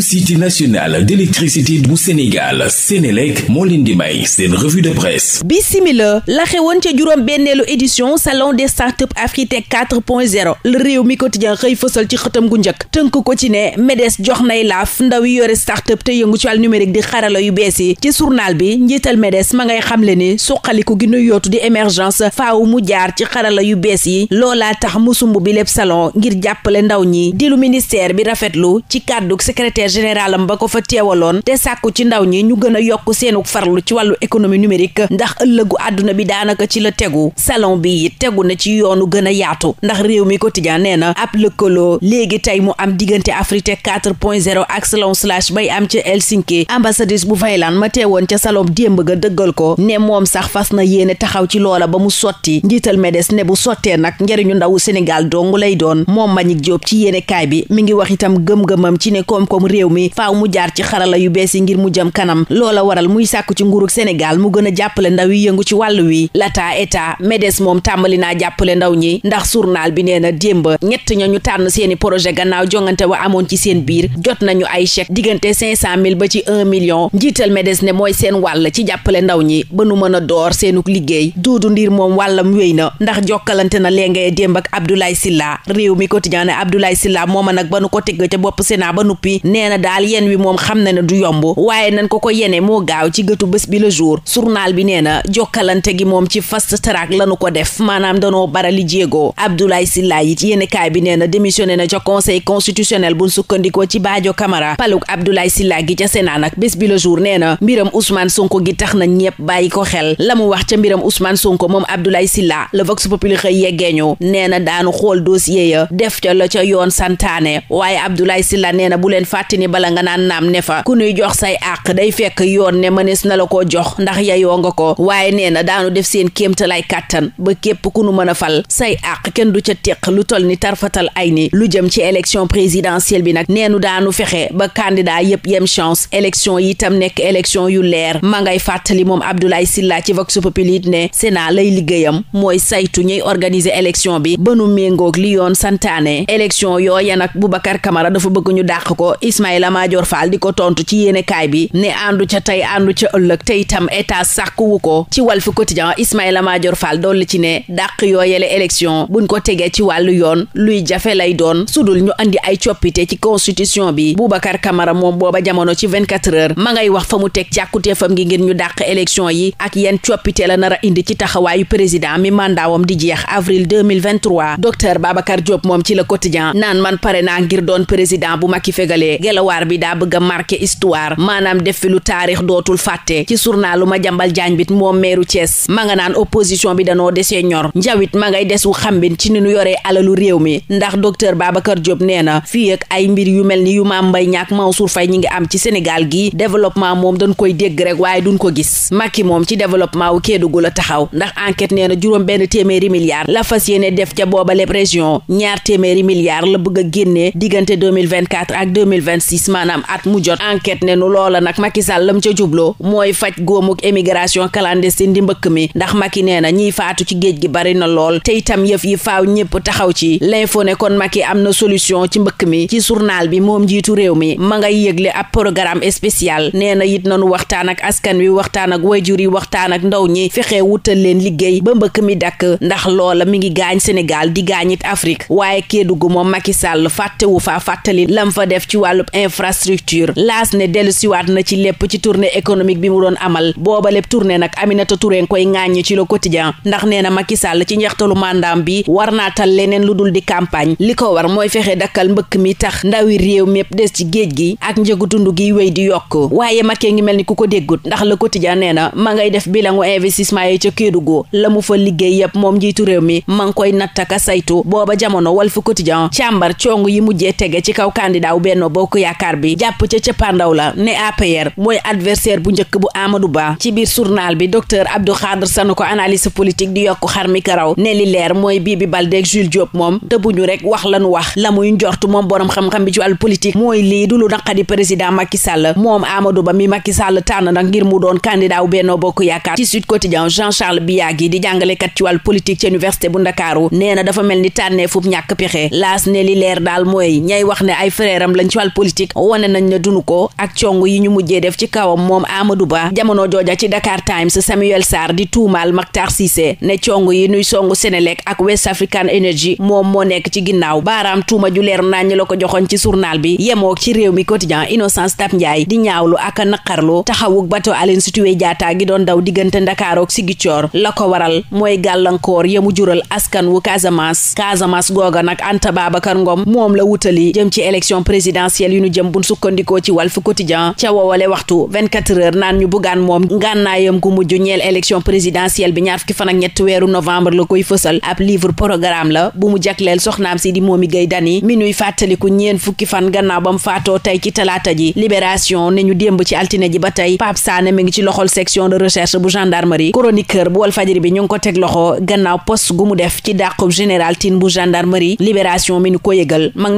société nationale d'électricité bu Sénégal Sénélec moo leen di bi simila la xewoon ca juróom benneelu édition salon des startup Afritech 4 point 0 réew mi quotidien xëy fësal ci xëtam gu njëkk tënk ko ci ne MEDES jox nay laaf ndaw yi yore startup te yëngu ci wàll numérique di xarala yu bees yi ci journal bi njiital MEDES ma ngay xamle ni suqaliku gi nu yootu di émergence faaw mu jaar ci xarala yu bees yi loolaa tax mu sumb bi lépp salon ngir jàppale ndaw ñi di lu bi rafetlu ci kàddu secrétaire secrétaire général ba ko fa teewaloon te sàkku ci ndaw ñi ñu gën a yokk seenu farlu ci wàllu économie numérique ndax ëllëgu àdduna bi daanaka ci la tegu salon bi tegu na ci yoonu gën a yaatu ndax réew mi quotidien nee na ab lëkkaloo léegi tey mu am diggante Afrique 4.0 ak salon slash bay am ca Helsinki ambassadrice bu Finlande ma teewoon ca salon démb ga dëggal ko ne moom sax fas na yéene taxaw ci loola ba mu sotti njiital MEDES ne bu sottee nag njëriñu ndawu Sénégal réew mi faaw mu jaar ci xarala yu bees yi ngir mu jëm kanam loola waral muy sàkku ci nguurug Sénégal mu gën a jàppale ndaw yi yëngu ci wàll wi lata état MEDES moom tàmbali naa jàppale ndaw ñi ndax journal bi nee na démb ñett ña ñu tànn seeni projet gannaaw jongante wa amoon ci seen biir jot nañu ay chèque diggante cinq cent mille ba ci un million njiital MEDES ne mooy seen wàll ci jàppale ndaw ñi ba nu mën a door seenu liggéey duudu ndiir moom wàllam wéy na ndax jokkalante na léengay démb ak Abdoulaye Silla réew mi quotidien Abdoulaye Silla nee na daal yen wi moom xam na ne du yomb waaye nan ko ko yene moo gaaw ci gëtu bés bi le jour journal bi nee na jokkalante gi moom ci fast track lanu ko def maanaam danoo barali jéego Abdoulaye Sylla yenn kaay bi nee na démissionné na ca conseil constitutionnel buñ sukkandikoo ci Badio Camara paluk Abdoulaye Sylla gi ca Sénat nag bés bi le jour nee na mbiram Ousmane Sonko gi tax na ñepp bàyyi ko xel la mu wax ca mbiram Ousmane Sonko moom Abdoulaye Sylla le Vox Populi xëy yeggeeñu nee na daanu xool dossier ya def ca la ca yoon santaane fàttini bala nga naan naam ne fa ku nuy jox say àq na la koo jox ndax yayoo nga ko waaye nee na daanu def seen kéemtalaay kàttan ba képp ku nu mën a fal say àq kenn du ca teq lu tol ni tarfatal ay ni lu jëm ci élection présidentielle bi nag neenu daanu fexe ba candidat yépp yem chance élection yi tam nekk élection yu leer ma ngay fàttali moom Abdoulaye Silla ci Vox Populi ne Sénat lay liggéeyam mooy saytu ñuy organiser élection bi ba nu méngoog li yoon santaane élection yooya nag Boubacar Camara dafa bëgg dàq ko Ismaïla Madior Fall di ko tontu ci yéenekaay bi ne àndu ca tey àndu ca ëllëg te itam état sàkkuwu ko ci Walf Quotidien Ismaïla Madior Fall dolli ci ne dàq yooyele élection buñ ko tegee ci wàllu yoon luy jafe lay doon sudul ñu andi ay coppite ci constitution bi Boubacar Camara moom booba jamono ci ma ngay wax fa mu teg càkkuteefam ngi ngir ñu dàq élection yi ak yenn coppite la nar a indi ci taxawaayu président mi mandaawam di jeex avril 2023 docteur Babacar Diop moom ci le quotidien naan man pare naa ngir doon gelawaar bi daa bëgg a marqué histoire maanaam def fi lu taarix dootul fàtte ci lu ma jambal jaañ bit moom meeru Thiès ma nga naan opposition bi danoo desee ñor njawit ma ngay desu xambin ci ni nu yoree alalu réew mi ndax docteur Babacar Diop nee na fii ay mbir yu mel ni yu maam mbay ñaak Mansour Faye ñi ngi am ci Sénégal gi développement moom dañ koy dégg rek waaye duñ ko gis Macky moom ci développement wu Kédougou la taxaw ndax enquête nee na juróom benn téeméeri milliards la fas yéene def ca booba lépp ñaar téeméeri milliards la bëgg a génnee diggante 2024 ak 2025 46 maanaam at mu jot enquête ne nu loola nag Macky Sall lam ca jubloo mooy faj góomuk émigration clandestine di mbëkk mi ndax Macky nee na ñiy faatu ci géej gi bari na lool te itam yëf yi faaw ñépp taxaw ci l'info ne kon Macky am na solution ci mbëkk mi ci journal bi moom njiitu réew mi ma ngay yëgle ab programme spécial nee na it nanu waxtaan ak askan wi waxtaan ak jur yi waxtaan ak ndaw ñi fexe wutal leen liggéey ba mbëkk mi dakk ndax loola mu ngi gaañ Sénégal di gaañit Afrique wàllub infrastructure laas ne dellu siwaat na ci lépp ci tournée économique bi mu doon amal booba lépp tournée nag Aminata Touré koy ŋàññi ci le quotidien ndax nee na Macky Sall ci njeextalu mandaam bi war naa leneen lu dul di campagne li ko war mooy fexe dakkal mbëkk mi tax ndawi réew mépp des ci géej gi ak njëgu dund gi wéy di yokk waaye Macky ngi mel ni ku ko déggut ndax le quotidien nee na ma ngay def bilangu investissement yi ca Kédougou la mu fa liggéey yépp moom njiitu réew mi ma ngi koy nattaka saytu booba jamono Walf Quotidien càmbar cong yi mujjee tege ci kaw candidat wu Benno Bokk bokk yaakaar bi jàpp ca cëppaandaw la ne APR mooy adversaire bu njëkk bu Amadou Ba ci biir journal bi docteur Abdou Khadre Sanoko analyse politique di yokk xar mi karaw ne leer mooy Bibi Baldé ak Jules Diop moom dëbbuñu rek wax lañu wax la muy njortu moom boroom xam-xam bi ci wàllu politique mooy lii du lu naqadi président Macky Sall moom Amadou Ba mi Macky Sall tànn nag ngir mu doon candidat wu Benno Bokk Yaakaar ci Sud Quotidien Jean-Charles Biagi di jàngalekat ci wàllu politique wane nañ ne dunu ko ak cong yi ñu mujjee def ci kawam moom Amadou Ba jamono jooja ci Dakar Times Samuel Sarr di tuumaal Mactar Cissé ne cong yi nuy songu Senelec ak West African Energy moom moo nekk ci ginnaaw baaraam tuuma ju leer nañ la ko joxoon ci journal bi yemook ci réew mi quotidien Innocence Tap Ndiaye di ñaawlu ak naqarlu taxawuk bato Aline Sitoé Diatta gi doon daw diggante Ndakaarook Sigicoor la ko waral mooy gàllankoor yemu jural askan wu Casamance Casamance googa nag Anta Babacar Ngom moom la wutali jëm ci élection présidentielle yu ñu jëm buñ sukkandikoo ci Walf Quotidien ca woowale waxtu 24 heures naan ñu buggaan moom ngànnaayam gu mujj ñeel élection présidentielle bi ñaar fukki fan ak ñett weeru novembre la koy fësal ab livre programme la bu mu jagleel soxnaam si di Momi Gueye Dany mi ñuy fàttaliku ñeen fukki fan gannaaw bam faatoo tey ci talaata ji libération ne ñu démb ci altine ji ba tey Pape Sané mi ngi ci loxol section de recherche bu gendarmerie chroniqueur bu Walfadjri bi ñu ngi ko teg bu gendarmerie libération mi ñu ko yëgal mag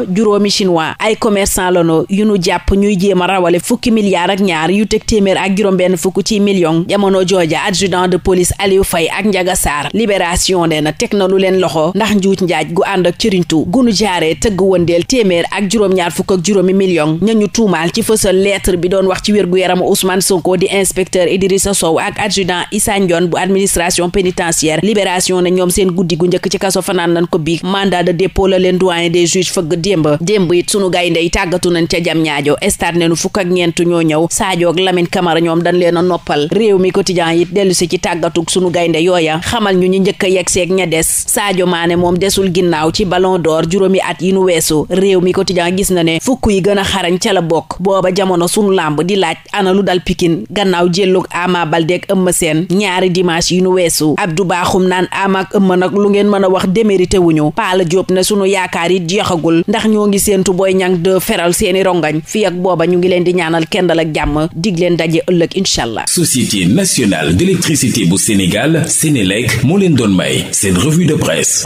loxo juróomi chinois ay commerçant lanu yu nu jàpp ñuy jéem a rawale fukki milliards ak ñaar yu teg téeméer ak juróom-benn fukk ci million jamono jooja adjudant de police Aliou Faye ak Ndiaga Sarr libération nee na teg na lu leen loxo ndax njuuj njaaj gu ànd ak cëriñtu gunu jaaree tëgg wëndeel téeméer ak juróom-ñaar fukk ak juróomi million ñañu tuumaal ci fësal lettre bi doon wax ci wér gu a Ousmane Sonko di inspecteur Idrissa Sow ak adjudant Issa Ndione bu administration pénitentiaire libération ne ñoom seen guddi gu njëkk ci kaso fanaan démb démb it sunu gaynde yi tàggatu nañ ca jam ñaajo stade nenu fukk ak ñeent ñoo ñëw Sadio ak Lamine Camara ñoom dañ leen a noppal réew mi quotidien yi dellu si ci tàggatuk sunu gaynde yooya xamal ñu ñu njëkk a yegg seeg ña des Sadio Mané moom desul ginnaaw ci ballon d'or juróomi at yi nu weesu réew mi quotidien gis na ne fukk yi gën a xarañ ca la bokk booba jamono sunu làmb di laaj ana lu dal pikin gannaaw jëllug Ama Baldé ak Eumeu Sène ñaari dimanche yi nu weesu Abdou Bakhoum naan Ama ak Eumeu nag lu ngeen mën a wax démérité wuñu Pala Diop ne ndax ñoo ngi séentu Boy Niang de feral seeni rongañ fi ak booba ñu ngi leen di ñaanal kendal ak jàmm dig leen daje ëllëg incha allah. Société nationale d'électricité bu Sénégal Sénélec moo leen doon may seen revue de presse.